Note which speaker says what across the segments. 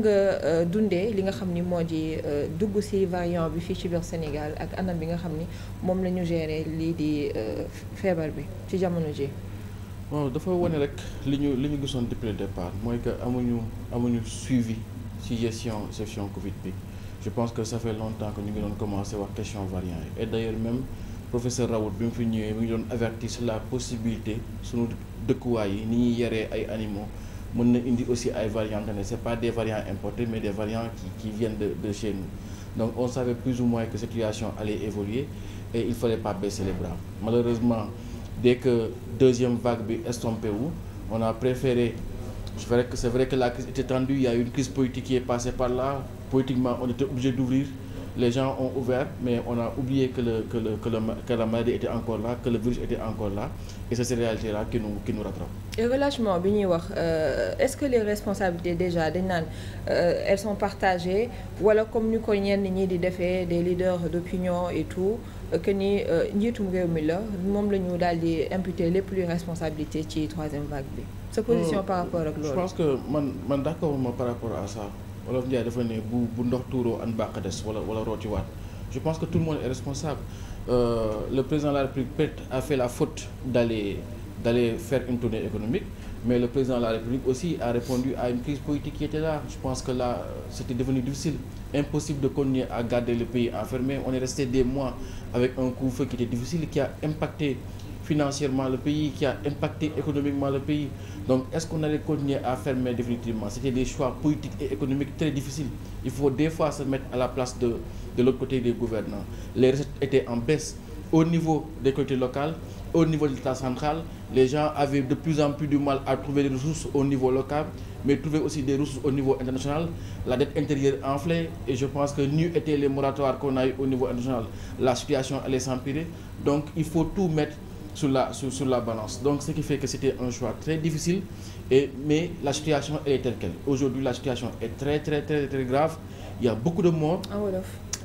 Speaker 1: nga euh, dundee li nga xam ni moo di euh, dugg ci variant bi fii ci biir Sénégal ak anam bi nga xam ni moom la ñu gérer lii di euh, feebar bi ci jamono ji
Speaker 2: waaw dafa wane rek li ñu li ñu gisoon depuis le départ mooy que amuñu amuñu suivi ci gestion gestion Covid bi je pense que ça fait longtemps que ñu ngi doon commencé war question variant yi et d'ailleurs même professeur Raoult bi mu fi ñëwee mi ngi doon avertir sur la possibilité sunu dëkkuwaay yi ni ñuy yaree ay animaux mën na indi aussi ay variants ne c'est pas des variants importés mais des variants qui viennent de chez nous donc on savait plus ou moins que cette situation allait évoluer et il fallait pas baisser les bras malheureusement dès que deuxième vague bi estompé wu on a préféré je dirais que c'est vrai que la crise était tendue il y a une crise politique qui est passée par là politiquement on était obligé d'ouvrir les gens ont ouvert, mais on a oublié que, le, que, le, que, le, que la maladie était encore là, que le virus était encore là, et c'est cette réalité-là qui nous, qui nous rattrape.
Speaker 1: Le relâchement, euh, est-ce que les responsabilités déjà, des naan euh, elles sont partagées Ou alors, comme nous connaissons di defee des leaders d'opinion et tout, que ni euh, njiitum réew mi la moom la ñu daal di imputer lépp luy responsabilité ci troisième vague bi. sa position euh, par rapport ak loolu. je pense que
Speaker 2: man man d'accord ma par rapport à ça. Olof Ndiaye dafa ne bu bu ndox tuuroo an bàq des wala wala rootiwaat je pense que tout le monde est responsable euh, le président de la République peut-être a fait la faute d'aller d'aller faire une tournée économique mais le président de la République aussi a répondu à une crise politique qui était là je pense que là c'était devenu difficile impossible de continuer à garder le pays enfermé on est resté des mois avec un couvre-feu difficile qui a impacté financièrement le pays, qui a impacté économiquement le pays. Donc est-ce qu'on allait continuer à fermer définitivement C'était des choix politiques et économiques très difficiles. Il faut des fois se mettre à la place de, de l'autre côté des gouvernants. Les recettes étaient en baisse au niveau des collectivités locales, au niveau de l'État central. Les gens avaient de plus en plus du mal à trouver des ressources au niveau international. La dette intérieure sur la su sur la balance donc ce qui fait que c'était un choix très difficile et mais la situation elle est telle quelle aujourd'hui la situation est très très très très grave il y a beaucoup ah,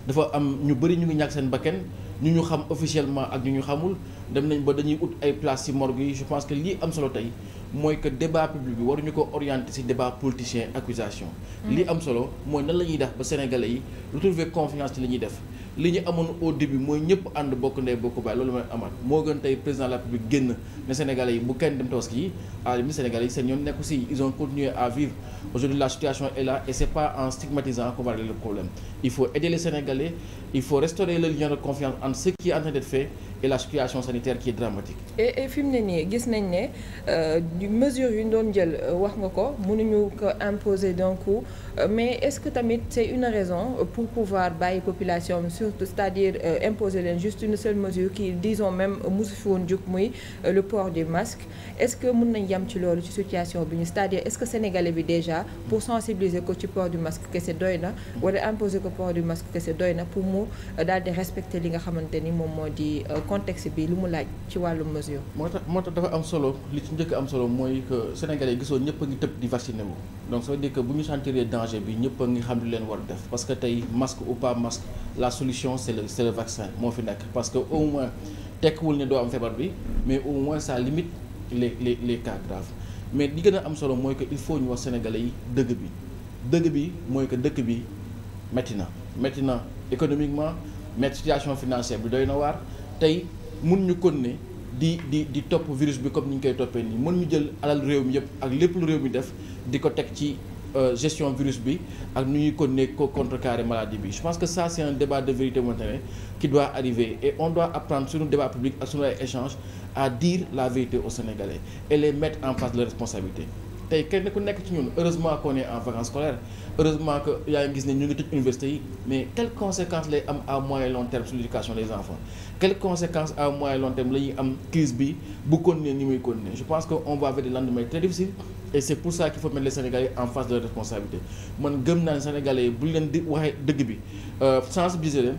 Speaker 2: dafa am ñu bëri ñu ngi ñàkk seen bakkan ñu ñu xam officiellement ak ñu ñu xamul dem nañ ba dañuy ut ay place ci morgue yi je pense que lii am solo tey mooy que débat public bi waruñu ko orienter ci débat politicien accusation mm. lii am solo mooy nan la ñuy def ba sénégalais yi retrouver confiance ci li ñuy def li ñu amoon au début mooy ñëpp ànd bokk ndey bokk baay loolu mooy amaat moo gën tey président de la République génn ne Sénégalais yi bu kenn dem tabaski yi à mi Sénégalais yi seen yoon nekk aussi ils ont continué à vivre aujourd'hui la situation est là et c'est pas en stigmatisant qu'on va régler le problème il faut aider les Sénégalais il faut restaurer le lien de confiance entre ce qui est fait et la situation sanitaire qui est dramatique.
Speaker 1: et et fi ne nii gis nañ ne euh, mesures yu ñu doon jël euh, wax nga ko mënuñu ko imposer d'un coup euh, mais est-ce que tamit c'est une raison pour pouvoir bàyyi population surtout c'est-à-dire euh, imposer leen juste une seule mesure qui disons même mosu fi woon jug est-ce que mën nañ yam ci loolu ci situation bi ñu c'est-à-dire est-ce bi déjà pour sensibiliser ko ci port du masque kese doy na wala imposer ko port du masque kese doy na pour mu daal respecter li nga xamante moom moo di. contexte bi lu mu laaj ci wàllu mesure.
Speaker 2: moo tax moo tax dafa am solo li ci njëkk am solo mooy que Sénégalais yi gisoon ñëpp a ngi tëb di vacciné wu. donc ça veut dire que bu ñu sentiree danger bi ñëpp a ngi xam lu leen war def parce que tey masque ou pas la solution c' est le c' est le vaccin moo fi nekk parce que au moins tekkiwul ne doo am feebar bi mais au moins ça limite les les les cas graves mais li gën a am solo mooy que il faut ñu wax sénégalais yi dëgg bi dëgg bi mooy que dëkk bi métti na métti na économiquement mais situation bi doy na waar. tey mun ñu kon ne di di di topp virus bi comme ni ñu koy toppee nii mën ñu jël alal réew mi yëpp ak lépp lu réew mi def di ko teg ci euh, gestion virus bi ak nu ñuy kon ne ko contrecarrer maladie bi je pense que ça c'est un débat de vérité montanée qui doit arriver et on doit apprendre su nos débats publics ak suñu ay échange à dire la vérité aux Sénégalais et les mettre en face de leurs tey kenn ku nekk ci ñun heureusement qu'on est en vacances scolaires heureusement que yaa ngi gis ni ñu ngi tëj université yi mais quelles conséquences lay am à moyen long terme sur l'éducation des enfants quelles conséquences à moyen long terme la am crise bi bu continuer ni muy continuer je pense que on va vers des lendemains très difficiles et c'est pour ça qu'il faut mettre les Sénégalais en face de responsabilité man gëm naa ne Sénégalais yi bu leen di waxee dëgg bi euh, sensibiliser leen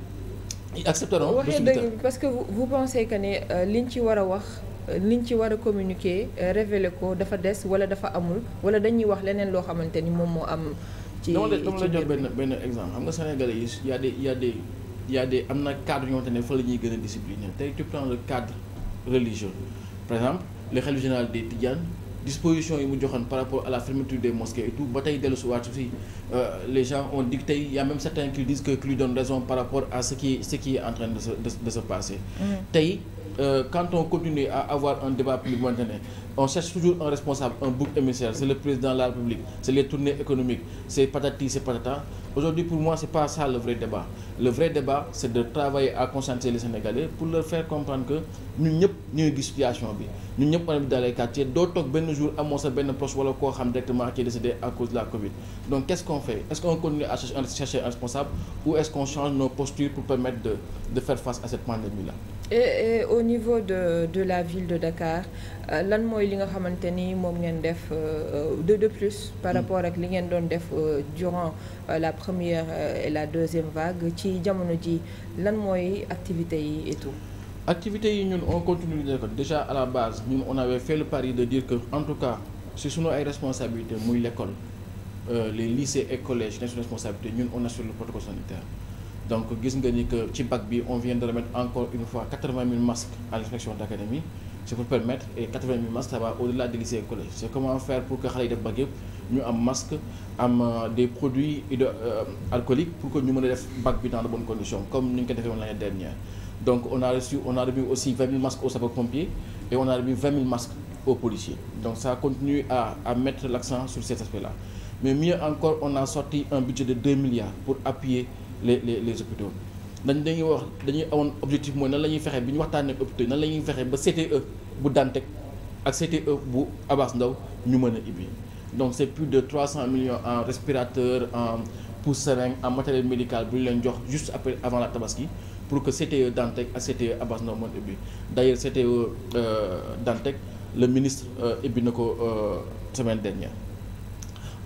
Speaker 2: ils accepteront waxee dëgg bi
Speaker 1: parce que que ne euh, ci war wax liñ ci war a communiquer euh, révéler ko dafa des wala dafa amul wala dañuy wax leneen loo xamante ni moom moo am. ci dama la dama la jox
Speaker 2: benn benn exemple xam nga Sénégalais yi y a des y am na cadre yoo xamante ne fa la ñuy gën a discipliné tey tu prends le cadre religieux par exemple le khalife général des Tidianes. disposition yi mu joxoon par rapport à la fermeture des mosquées et tout ba tey dellu si waat si euh, les gens ont dicté il y a même certains qui disent que à ce qui ce qui est euh, quand on continue à avoir un débat public maintenant, on cherche toujours un responsable, un bouc émissaire, c'est le président de la République, c'est les tournées économiques, c'est patati, c'est patata. Aujourd'hui, pour moi, c'est pas ça le vrai débat. Le vrai débat, c'est de travailler à conscientiser les Sénégalais pour leur faire comprendre que nous, nous, nous, nous, nous, ñun ñëpp on habite dans les quartiers doo toog benn jour amoo sa benn proche wala koo xam directement qui est décédé à cause de la Covid donc quest qu'on fait est qu'on continue à chercher un responsable ou est-ce qu'on change nos postures pour permettre de de faire face à cette pandémie-là
Speaker 1: et, et au niveau de de la ville de Dakar euh, lan mooy li nga xamante ni moom ngeen def euh, euh, de de plus par mm. rapport ak li ngeen doon def durant la première et la deuxième vague ci jamono ji lan mooy activités
Speaker 2: yi activités yi ñun on continue de ko déjà à la base ñun on avait fait le pari de dire que en tout cas si sunu ay responsabilité muy l'école euh, les et collèges ne responsabilité ñun on assure le protocole sanitaire donc gis nga ni ci bac bi on vient de remettre encore une fois 80 000 masques à l'inspection d'académie ce qui peut permettre et 80 000 masques ça va au-delà des lycées et collèges c'est comment faire pour que xale yi euh, euh, a def bac bi dans de ni donc on a reçu on a remis aussi 20 000 masques aux sapeurs-pompiers et on a remis 20 000 masques donc ça continue à mettre l'accent sur cet aspect-là mais mieux encore on a sorti un budget de 2 milliards pour appuyer les les les hôpitaux dañ dañuy wax dañuy amoon objectif mooy na la ñuy fexe bi ñu waxtaanee hôpitaux yi nan la ñuy fexe ba CTE bu Dantec ak CTE bu Abass ndaw ñu mën a ibbi donc c'est plus de trois 300 millions en respirateurs en pousse-seringue en matériel médical bu ñu leen jox juste après avant tabaski pour que CTE Dantec ak CTE Abass Ndao ubbi d'ailleurs CTE euh, Dantec le ministre euh, ubbi na ko euh, semaine dernière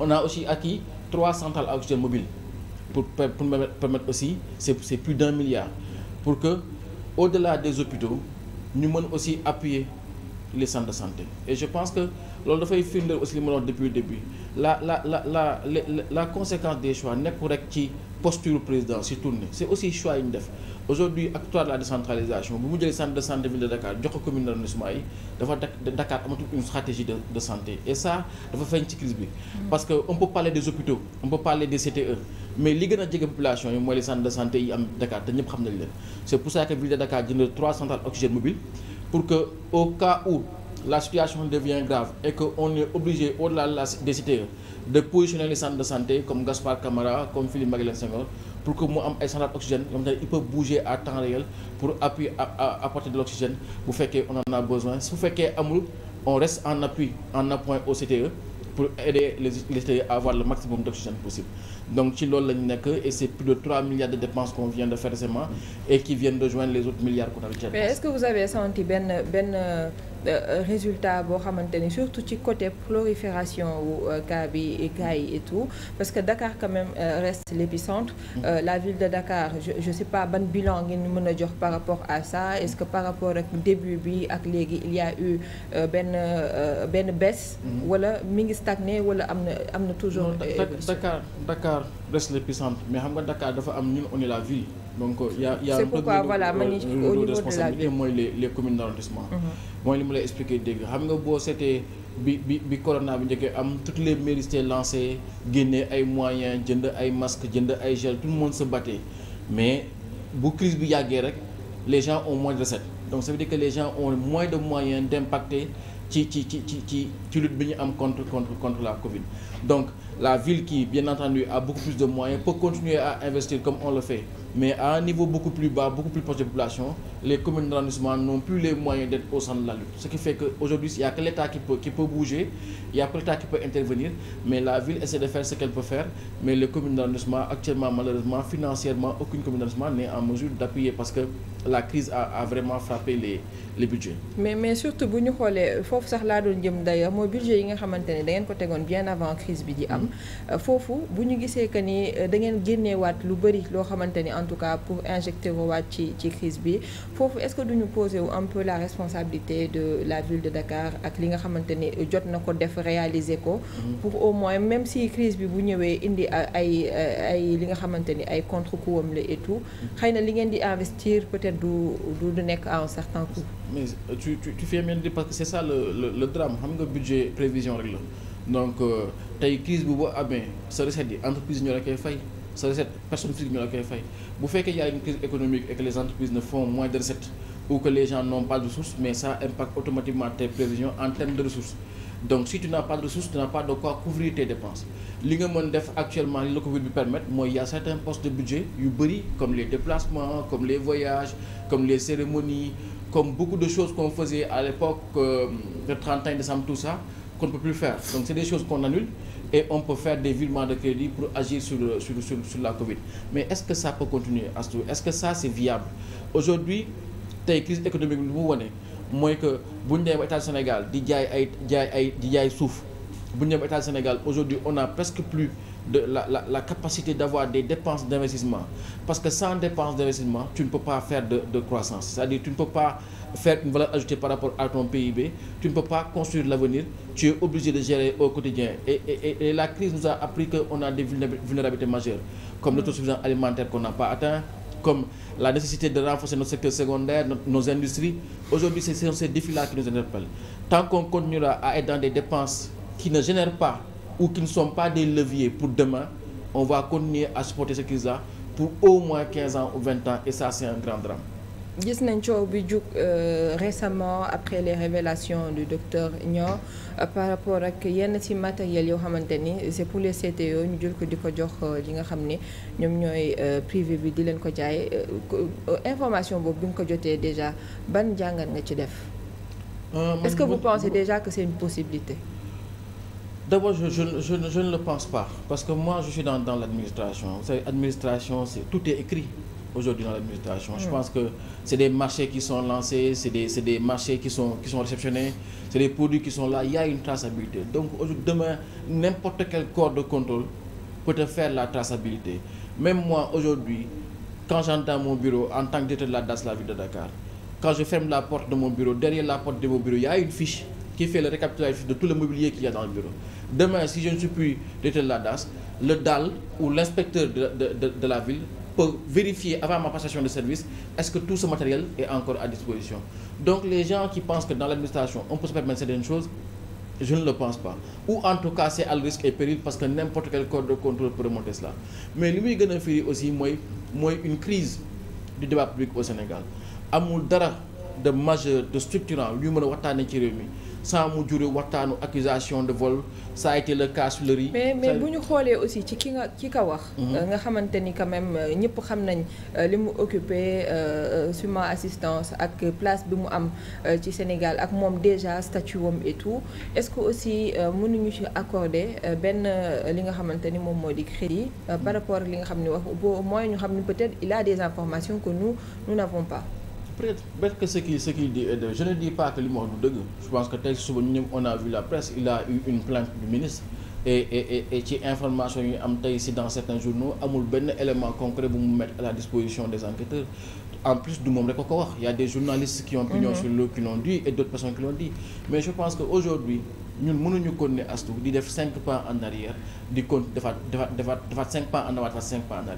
Speaker 2: on a aussi acquis trois centrales à oxygène mobile pour pour permettre aussi c'est c'est plus d'un milliard pour que au-delà de des hôpitaux ñu mën aussi appuyer les centres de santé et je pense que loolu dafay firndeel aussi li ma la wax depuis le la la la la la la conséquence des choix nekku rek ci posture président si tourné c' est aussi choix yi ñu def aujourd'hui ak de la décentralisation mu jëlee centre de santé ville de Dakar jox ko commune d'arrondissement yi dafa Dakar amatul une stratégie de santé et ça dafa feeñ ci crise bi mm-hmm. parce que on peut parler des hôpitaux on peut parler des CTE mais li gën a jege population yi mooy les centres de santé yi am Dakar te ñëpp xam nañ leen c' est pour ville de Dakar jënd trois centrales oxygène mobile de positionner les centres de santé comme Gaspard Camara comme Philippe Maguilène Senghor pour que mu am ay centrales d'oxygène il peut bouger à temps réel pour appuyer apporter de l'oxygène bu fekkee on en a besoin su fekkee amul on reste en appui en appoint au e pour aider les les e avoir le maximum d'oxygène possible donc ci loolu la nekk et c'est plus de 3 milliards de dépenses qu'on de faire récemment et qui viennent de joindre les autres milliards
Speaker 1: Euh, résultat boo xamante ni surtout ci côté prolifération wu euh, cas bi gars yi et tout parce que Dakar quand même euh, reste l'épicentre mm. la ville de Dakar je je sais pas ban bilan ngeen mën a jox par rapport à sa est-ce que par rapport ak début bi ak léegi il y eu benn benn baisse mm-hmm. wala mi ngi stagné wala am na am na toujours Dakar
Speaker 2: Dakar reste l'épicentre mais xam nga Dakar dafa am ñun on est la ville donc euh, y' a y' a. c'est pourquoi voilà euh, ma ngi au la ville mooy les les mhm. ma lay expliquer dégg xam nga boo seetee bi bi bi corona bi njëkkee am toutes les mairies s'étaient génne ay moyens jënd ay masques jënd ay gel tout le monde se mais bu crise bi yàggee rek les gens ont moins de recettes donc ça veut dire que les gens ont moins de moyens d'impacter ci ci ci ci ci ci lutte bi ñu am contre contre contre la Covid donc la ville qui bien entendu a beaucoup plus de moyens peut continuer investir comme on mais à un niveau beaucoup plus bas beaucoup plus proche de population les communes d'arrondissement n'ont plus les moyens d'être au centre de la lutte. Ce qui fait que l'État qui peut, qui peut bouger, il n'y a que l'État qui intervenir, mais la ville essaie de faire ce qu'elle peut faire, mais les communes d'arrondissement, actuellement, malheureusement, financièrement, aucune commune d'arrondissement n'est en mesure d'appuyer parce que la crise a, a vraiment frappé les, les
Speaker 1: Mais, mais surtout, si nous regardons, c'est ce d'ailleurs, le budget que vous avez bien avant la crise. Il mm-hmm. euh, faut que nous voyons que nous avons gagné en tout cas pour injecter la foofu est-ce que duñu poser wu un peu la responsabilité de la ville de Dakar ak li nga xamante ni jot na ko def réaliser ko. Mhm. pour au moins même si crise bi bu ñëwee indi ay ay li nga xamante ni ay contre-coup am la et tout mhm. xëy na li ngeen di investir peut-être du du nekk en un certain coût.
Speaker 2: mais euh, tu tu tu fais bien parce que c'est ça le le drame xam nga budget prévision rek la donc euh, tey crise bu boo amee sa recette yi entreprise ñu la koy fay. sa recette personne physique ñoo la koy fay bu fekkee y a une crise économique et que les entreprises ne font moins de recettes ou que les gens n'ont pas de ressources mais ça impacte automatiquement tes prévisions en termes de ressources donc si tu n'as pas de ressources tu n'as pas de quoi couvrir tes dépenses li nga mën def actuellement li la Covid bi permettre mooy y a certains postes de budget yu bëri comme les déplacements comme les voyages comme les cérémonies comme beaucoup de choses qu'on faisait à euh, ça qu'on ne peut plus faire. Donc c'est des choses qu'on annule et on peut faire des virements de crédit pour agir sur, le, sur, sur, la Covid. Mais est-ce que ça peut continuer, Astou Est-ce que ça, c'est viable Aujourd'hui, tey crise économique bi mu wane mooy que bu ñu demee état du Sénégal di jaay ay jaay ay di jaay suuf bu ñu demee état du Sénégal aujourd'hui on a presque plus de la la la capacité d'avoir des dépenses d'investissement parce que sans dépenses d'investissement tu ne peux pas faire de croissance c'est-à-dire tu ne peux pas faire une valeur ajoutée par rapport à ton PIB tu ne peux pas construire l'avenir tu es obligé de gérer au quotidien et et et la crise nous a appris que on a des vulnérabilités majeures comme mm. l'autosuffisance alimentaire qu'on n'a pas atteint comme la nécessité de renforcer notre secteur secondaire ou qui ne sont pas des leviers pour demain, on va continuer à supporter ce qu'ils ont pour au moins 15 ans ou 20 ans et ça c'est un grand drame.
Speaker 1: gis nañ coow bi jug euh, récemment après les révélations du docteur Nior euh, par rapport ak yenn ci matériel yoo xamante ni c'est pour les yow e ñu jël ko di ko jox li euh, nga xam ni ñoom ñooy privé bi di leen ko jaay information boobu bi nga ko jotee déjà ban jàngat nga ci def. est-ce que vous pensez déjà que c'est une
Speaker 2: possibilité. d'abord je je je je ne le pense pas parce que moi je suis dans dans l'administration vous administration tout est écrit aujourd'hui dans l'administration je hmm. pense que c'est des marchés qui sont lancés c'est des c'est des marchés qui sont réceptionnés c'est des produits qui sont là y a une traçabilité donc aujourd'hui demain n'importe quel corps de contrôle peut te faire la traçabilité même moi aujourd'hui quand j'entre dans mon bureau en tant que directeur de la DAS la ville de Dakar quand je ferme qui fait le récapitulatif de tout le mobilier qu'il y a dans le bureau. Demain, si je ne suis plus détenu de la DAS, le DAL ou l'inspecteur de, de, la ville peut vérifier avant ma passation de service est-ce que tout ce matériel est encore à disposition. Donc les gens qui pensent que dans l'administration, on peut se permettre certaines choses, je ne le pense pas. Ou en tout cas, c'est risque et péril parce que n'importe quel corps de contrôle peut remonter cela. Mais lui, Amul dara de majeur, de structurant, lui, il y a sans mu jure waxtaanu accusation de vol saa a été le cas Fleury mais mais bu
Speaker 1: ñu xoolee aussi ci ki nga ki ka wax mhm. nga xamante ni quand même euh, ñëpp xam nañ euh, li mu occupé euh, suma assistance ak place bi mu am ci Sénégal ak moom déjà statut wam et tout est-ce que aussi mënuñu ci accorder benn li nga xamante ni moom moo di yi par rapport li nga xam ni wax boo mooy ñu xam ni peut-être il a des informations que nous nous n'avons pas
Speaker 2: peut-être peut-être que ce qui ce qui dit je ne dis pas que li dëgg je pense que tey suba ñu ñëpp on a vu la presse il a eu une plainte du ministre et ci information yi am tey si dans certains journaux amul benn élément concret bu mu mettre à la disposition des enquêteurs en plus du moom rek ko ko wax y a des journalistes qui ont pignon mhm. sur rue qui l'ont et d'autres personnes qui l'ont mais je pense que aujourd'hui ñun mënuñu continuer astu di def cinq pas en arrière di kon defaat defaat defaat defaat cinq pas en avant defaat cinq pas en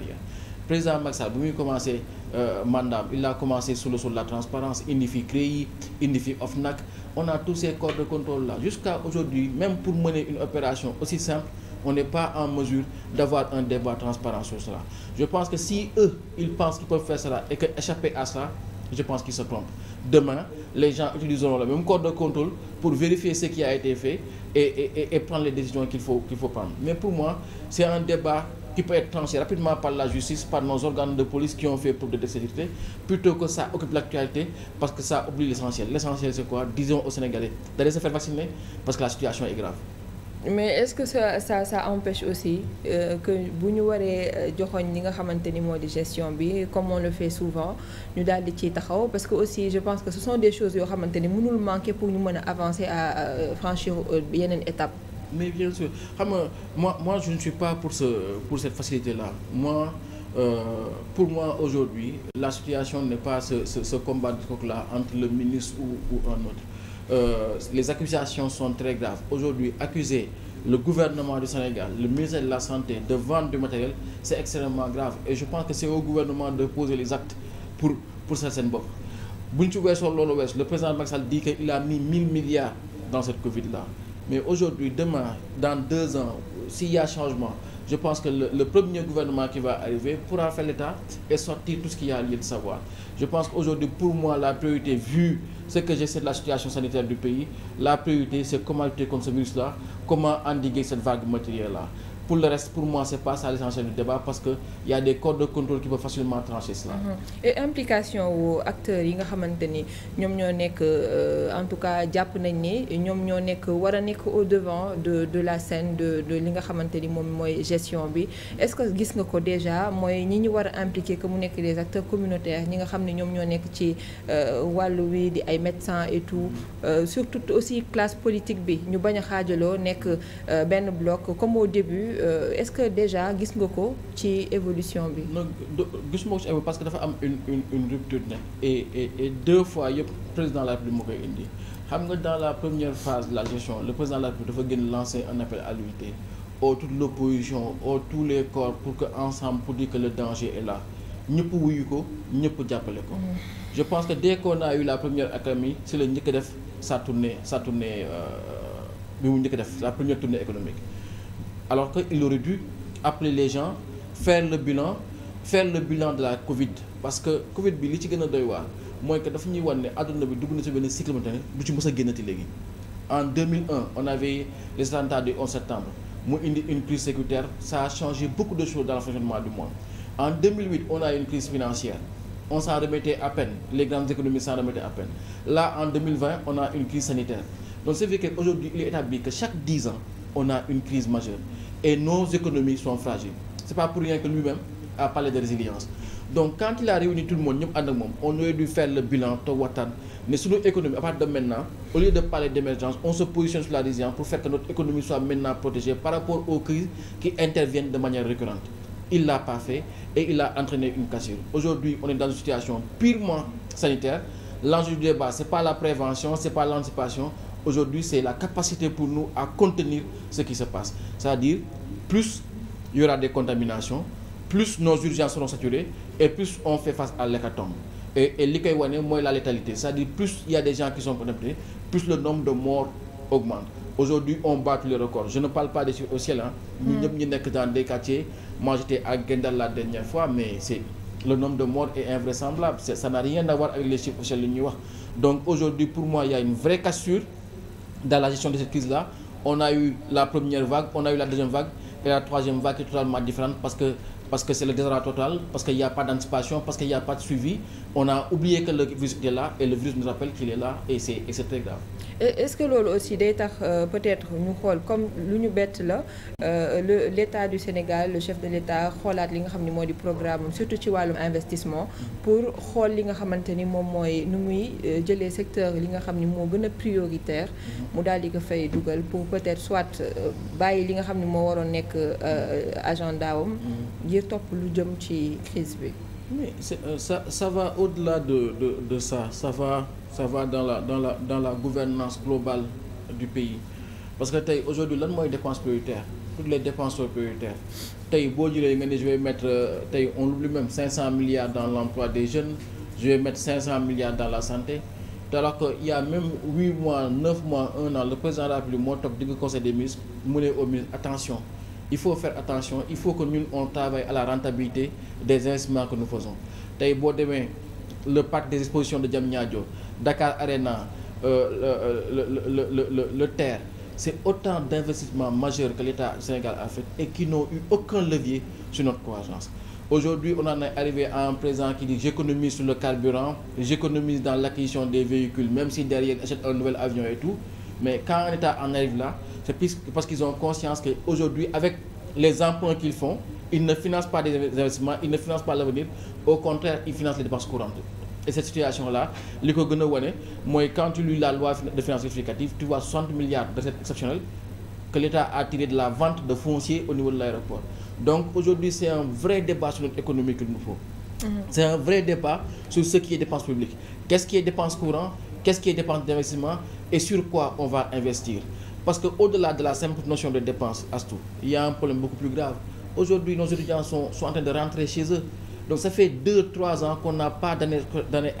Speaker 2: président Macky Sall bu muy commencé euh, mandat il a commencé sous le sceau de la transparence indi fi CREI indi fi OFNAC on a tous ces corps de contrôle là jusqu'à aujourd'hui même pour mener une opération aussi simple on n'est pas en mesure d'avoir un débat transparent sur cela je pense que si eux ils pensent qu'ils peuvent faire cela et que échapper à cela je pense qu'ils se trompent demain les gens utiliseront le même corps de contrôle pour vérifier ce qui a été fait mais pour moi c'est un qui peut être tranché rapidement par la justice, par nos organes de police qui ont fait preuve de sécurité, plutôt que ça occupe l'actualité parce que ça oublie l'essentiel. L'essentiel, c'est quoi Disons aux Sénégalais d'aller se faire vacciner parce que la situation est grave.
Speaker 1: mais est-ce que ça ça ça empêche aussi euh, que bu ñu waree euh, joxoñ li nga xamante ni moo di gestion bi comme on le fait souvent ñu daal di ciy taxaw parce que aussi je pense que ce sont des xamante ni mënul manquer pour ñu mën a euh, yeneen étape
Speaker 2: mais bien sûr xam nga moi moi je ne suis pas pour ce pour cette facilité là moi euh, pour moi aujourd'hui la situation n'est pas ce ce, ce combat de coq là entre le ministre ou ou un autre euh, les accusations sont très graves aujourd'hui accuser le gouvernement du Sénégal le ministère de la santé de vendre du matériel c'est extrêmement grave et je pense que c'est au gouvernement de poser les actes pour pour sa seen bopp bu ñu ci weesoo loolu wees le président Macky Sall dit que il a mis 1000 mais aujourd'hui demain dans deux ans s'il y a changement je pense que le, le premier gouvernement qui va arriver pourra faire l'état et sortir tout ce qu'il y a lieu de savoir je pense qu'aujourd'hui pour moi la priorité vu ce que j'essaie de la situation sanitaire du pays la priorité c'est comment lutter contre ce virus là comment endiguer cette vague matérielle là pour le reste pour moi c'est pas ça l'essentiel du débat parce que y a des de contrôle qui peuvent facilement trancher cela. Mm-hmm.
Speaker 1: et implication wu acteurs yi nga xamante ni ñoom ñoo nekk euh, en tout cas jàpp nañ ni ñoom ñoo nekk war a nekk au devant de de la scène de de li nga xamante ni moom mooy gestion bi est-ce que gis nga ko déjà mooy ñi ñu war a impliquer que mu nekk des acteurs communautaires ñi nga xam ne ñoom ñoo nekk ci euh, wàll wi di ay médecins et tout euh, surtout aussi classe politique bi ñu bañ a xaajaloo nekk benn bloc Euh, est-ce que déjà gis nga ko
Speaker 2: ci évolution bi. non gisuma ko ci évolution parce que dafa am une une une rupture nag et deux fois yëpp président de la République moo koy indi xam nga dans la première phase de la gestion le président la République dafa gën lancer un appel à l'unité au toute l'opposition au tous les corps pour que ensemble pour dire que le danger est là ñëpp wuyu ko ñëpp jàppale ko. Mm. je pense que dès qu'on a eu la première accalmie si la njëkk def sa tournée sa tournée euh, mu njëkk def la première tournée économique. alors qu'il aurait dû appeler les gens faire le bilan faire le bilan de la Covid parce que Covid bi li ci gën a doy waar mooy que dafa ñuy wan ne àdduna bi dugg na ci benn cycle bu du ci mës a génnati léegi. en 2001 on avait les attentats du 11 septembre mu indi une crise sécuritaire ça a changé de choses dans le fonctionnement du monde en 2008 on a eu une crise financière on s'en remettait à peine les grandes économies s'en remettaient à peine là en 2020 on a une crise sanitaire donc c'est vrai qu'aujourd'hui il on a une crise majeure et nos économies sont fragiles c'est pas pour rien que lui-même a parlé de résilience donc quand il a réuni tout le monde ñëpp ànd ak moom on aurait dû faire le bilan toog waxtaan mais suñu économie à partir de maintenant au lieu de parler d'émergence on se positionne sur la résilience pour faire que notre économie soit maintenant protégée par rapport aux crises qui interviennent de manière récurrente il a entraîné une cassure aujourd'hui on est dans une situation purement sanitaire l'enjeu aujourd'hui c'est la capacité pour nous à contenir ce qui se passe c'est-à-dire plus y aura des contaminations plus nos urgences seront saturées et plus on fait face à l'hécatombe et li koy wane mooy la létalité c'est-à-dire plus il y a des gens qui sont contaminés plus le nombre de morts augmente aujourd'hui on bat tous les je ne parle pas des sur au ciel hein mm. ñu ñëpp nekk dans des quartiers moi j'étais à Gendal la dernière fois mais c'est le de morts est invraisemblable ça n'a rien à voir avec les chiffres dans la gestion de cette crise-là. On a eu la première vague, on a eu la deuxième vague et la troisième vague est totalement différente parce que parce que c'est le désarroi total parce que y a pas d'anticipation parce que y a pas de suivi on a oublié que le virus est rappelle qu'il est là et ce
Speaker 1: que loolu aussi day tax euh, peut-être ñu xool comme lu ñu bett la euh, le l'État du Sénégal le chef de l'État xoolaat li nga xam ne moo di programme surtout ci wàllum investissement pour xool li nga xamante ni moom mooy nu muy euh, jëlee secteur li nga xam ni moo gën a prioritaire mu daal di ko fay dugal pour peut-être bàyyi li nga xam ne moo waroon nekk agenda wam
Speaker 2: mm-hmm.
Speaker 1: topp lu jëm ci crise bi.
Speaker 2: mais sa euh, ça va au-delà de de de ça ça va ça va dans la dans la dans la gouvernance globale du pays parce que tey aujourd'hui lan mooy dépense prioritaire toutes les dépenses sont prioritaires tey boo jëlee nga ne je mettre euh, tey on oublie même 500 milliards dans l'emploi des jeunes je vais mettre 500 milliards dans la santé te alors que il y a même mois 9 mois un an le président de la République moo toog digg conseil des ministres mu ne au ministre attention. il faut faire attention il faut que ñun on travaille à la rentabilité des investissements que nous faisons tey boo demee le parc des expositions de Diamniadio Dakar Arena euh, euh, le, le, le le le le terre c'est autant d'investissements majeurs que l'État du Sénégal a fait et qui n'ont eu aucun levier sur notre croissance aujourd'hui on en est arrivé à un président qui dit j'économise sur le carburant j'économise dans l'acquisition des véhicules même si derrière j'achète a nouvel avion mais quand l'État en c'est parce qu'ils ont conscience qu'aujourd'hui, avec les emprunts qu'ils font, ils ne financent pas des investissements, ils ne financent pas l'avenir. Au contraire, ils financent les dépenses courantes. Et cette situation-là, moi, quand tu lis la loi de finances rectificative, milliards de recettes exceptionnelles que l'État a tirées de la vente de fonciers au niveau de l'aéroport. Donc aujourd'hui, c'est un vrai débat sur notre économie qu'il nous faut. Mm-hmm. C'est un vrai débat sur ce qui est dépenses publiques. on va investir Parce qu'au-delà de la simple notion de dépense, il y a un problème beaucoup plus grave. Aujourd'hui, nos étudiants sont, sont, en train de rentrer chez eux. Donc ça fait 2-3 ans qu'on n'a pas d'année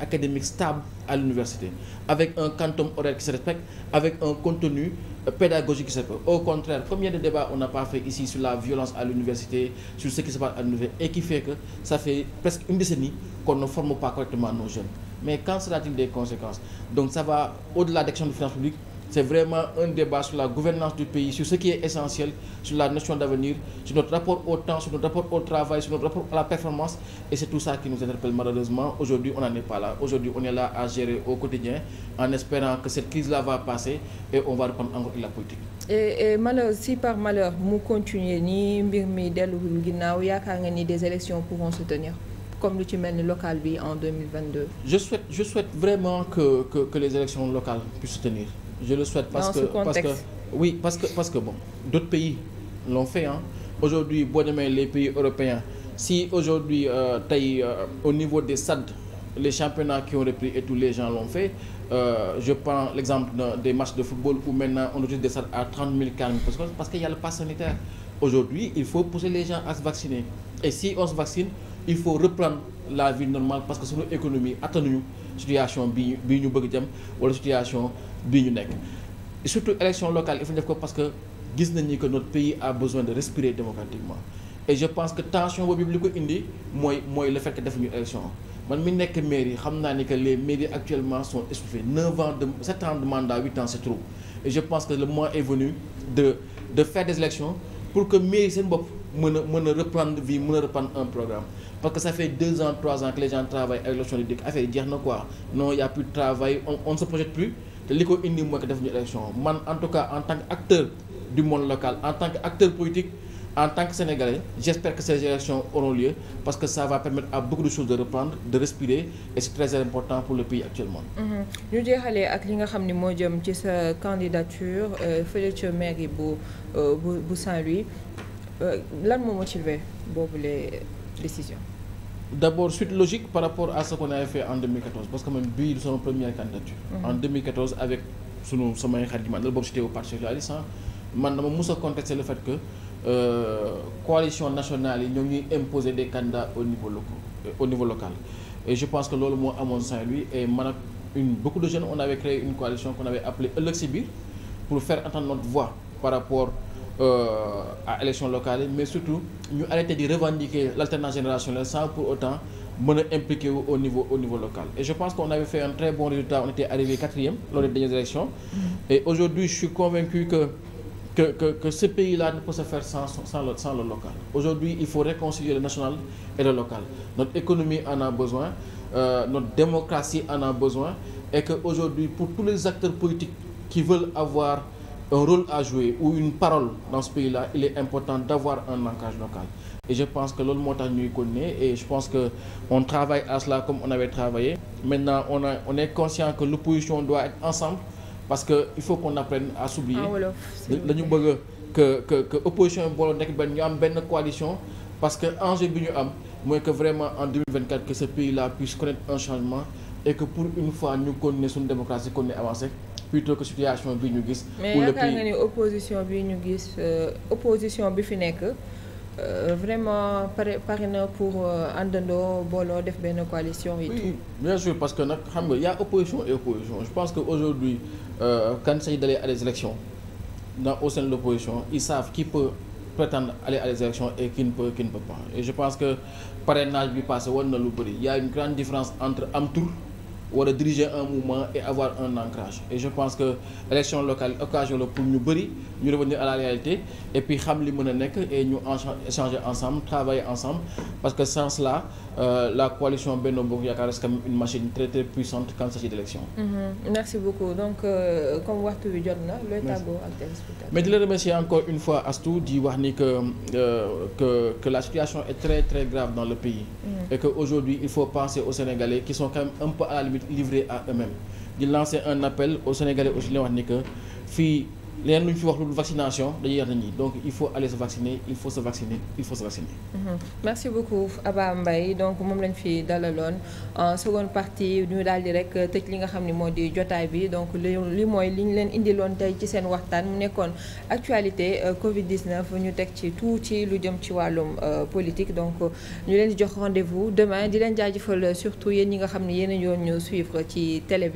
Speaker 2: académique stable à l'université, avec un quantum horaire qui se respecte, avec un contenu euh, pédagogique qui se respecte. Au contraire, combien de débats on n'a pas fait ici sur la violence à l'université, sur ce qui se passe à l'université, et qui fait que ça Mais quand des conséquences Donc ça va au c'est vraiment un débat sur la gouvernance du pays sur ce qui est essentiel sur la notion d'avenir sur notre rapport au temps sur notre rapport au travail sur notre rapport à la performance et c'est tout ça qui nous interpelle malheureusement aujourd'hui on est pas là aujourd'hui on est là à gérer au quotidien en espérant que cette crise-là va passer et on va reprendre encore la politique
Speaker 1: et, si par malheur mu continuer ni mbir mi delluwul ginnaaw yaakaar nga ni des élections pourront se comme lu ci mel ni local bi en 2022
Speaker 2: je souhaite je souhaite vraiment que que que les je le souhaite parce que parce que oui parce que parce que bon d'autres pays l'ont fait hein aujourd'hui boo demee les pays européens si aujourd'hui euh, tey euh, au niveau des stades les championnats qui ont repris et tous les gens l'ont fait euh, je prends l'exemple des matchs de football où maintenant on utilise des stades à 30 000 40 000 personnes parce qu'il y a le pass sanitaire aujourd'hui il faut pousser les gens à se vacciner et si on se vaccine il faut reprendre la vie normale parce que sunu économie attanuñu situation bi bi ñu bëgg jëm wala situation bii ñu nekk surtout élection locale il faut def ko parce que gis nañ ni que notre pays a besoin de respirer démocratiquement et je pense que tension boobu li ko indi mooy mooy le fait que defuñu élection man mi nekk mairie xam naa ni que les mairies actuellement sont essoufflées neuf ans de sept ans de mandat huit ans c'est trop et je pense que le moment est venu de de faire des élections pour que mairie seen bopp mën a mën a reprendre vie mën a reprendre un programme parce que ça fait deux ans trois ans que les gens travaillent avec te li ko indi mooy que def ñu élection man en tout cas en tant que acteur du monde local en tant que acteur politique en tant que sénégalais j'espère que ces élections auront parce que ça va permettre à beaucoup de choses de reprendre de respirer et c'est très important pour le pays actuellement.
Speaker 1: ak li nga xam ni moo jëm ci sa candidature euh, fële ca mairie bu euh, bu bu Saint-Louis euh, lan moo motivé boobu les décisions.
Speaker 2: d'abord suite logique par rapport à ce qu'on avait fait en 2014 parce que man bii du sama première candidature mm -hmm. en 2014 avec sunu samay xarit yi ma boobu j'étais au parti socialiste ah, man dama mus a contester le fait que euh, coalition nationale yi ñoo ñuy imposer des candidats au niveau local euh, au et je pense que loolu moo amoon Saint-Louis et man ak une beaucoup de jeunes on avait créé une coalition qu'on avait appelée Ëllëg si biir pour faire entendre notre voix par rapport Euh, à élection locale yi mais surtout ñu arrêté di revendiquer l'alternance générationnelle sans pour autant mën a impliqué wu au niveau local et je pense qu'on avait fait un très bon résultat on était arrivé quatrième lors des dernières élections et aujourd'hui je suis convaincu que que que que ce pays-là ne peut se faire sans sans le local. Aujourd'hui, il faut réconcilier le national et le local. Notre économie en a besoin, euh, notre démocratie en a besoin et que aujourd'hui pour tous les acteurs un rôle à jouer ou une parole dans ce pays-là il est important d'avoir un langage local et je pense que loolu moo tax ñuy continuer et je pense que on travaille à cela comme on avait travaillé maintenant on a on est conscient que l'opposition doit être ensemble parce que il faut qu'on apprenne à s'oublier dañu bëgg que que que opposition yi booloo nekk benn ñu am benn coalition parce que enjeu bi ñu am mooy que vraiment en 2024 que ce pays-là un changement et que pour une fois ñu continuer suñu démocratie continuer avancer plutôt que situation bi ñu gis. mais yaakaar nga ni
Speaker 1: opposition bi ñu gis euh, opposition bi fi nekk euh, vraiment pare pare na pour euh, àndandoo booloo def benn coalition yi. oui
Speaker 2: bien sûr parce que nag xam nga yaa a opposition e opposition je pense que aujourd'hui kan ça y d'aller à élections dans au sein de l'opposition ils savent qui peut prétendre aller à des élections et qui ne peut qui ne et pense que parrainage bi passé woon na lu bëri y' a différence entre am war a diriger un mouvement et avoir un ancrage et je pense que élection locale occasion la pour ñu bëri ñu revenir à la réalité et puis xam li a nekk et ñu échanger ensemble travailler ensemble parce que sans cela euh, la coalition Benno Bokk Yaakaar reste machine très très puissante quand il d'élection
Speaker 1: mm-hmm. euh,
Speaker 2: mais di la remercier encore une fois Astou di wax ni que euh, la situation est très très grave dans le pays mm. et que aujourd'hui il faut penser livrés à eux-mêmes di lancer un appel au Sénégalais aussi leen wax ni que fii leneen lu ñu fi wax lu vaccination dañuy yar nañu donc il faut aller se vacciner il faut se vacciner il faut se vacciner.
Speaker 1: Mhm. merci beaucoup Aba Mbaye donc moom lañ fi dalaloon en seconde partie ñu daal rek tëj li nga xam ni moo di jotaay bi donc li li mooy li ñu leen indiloon tey ci seen waxtaan mu nekkoon actualité euh, Covid 19 ñu teg ci tuuti lu jëm ci wàllum euh, politique donc ñu leen di jox rendez-vous demain di leen jaajëfal surtout yéen ñi nga xam ne yéen a yoon ñu suivre ci télé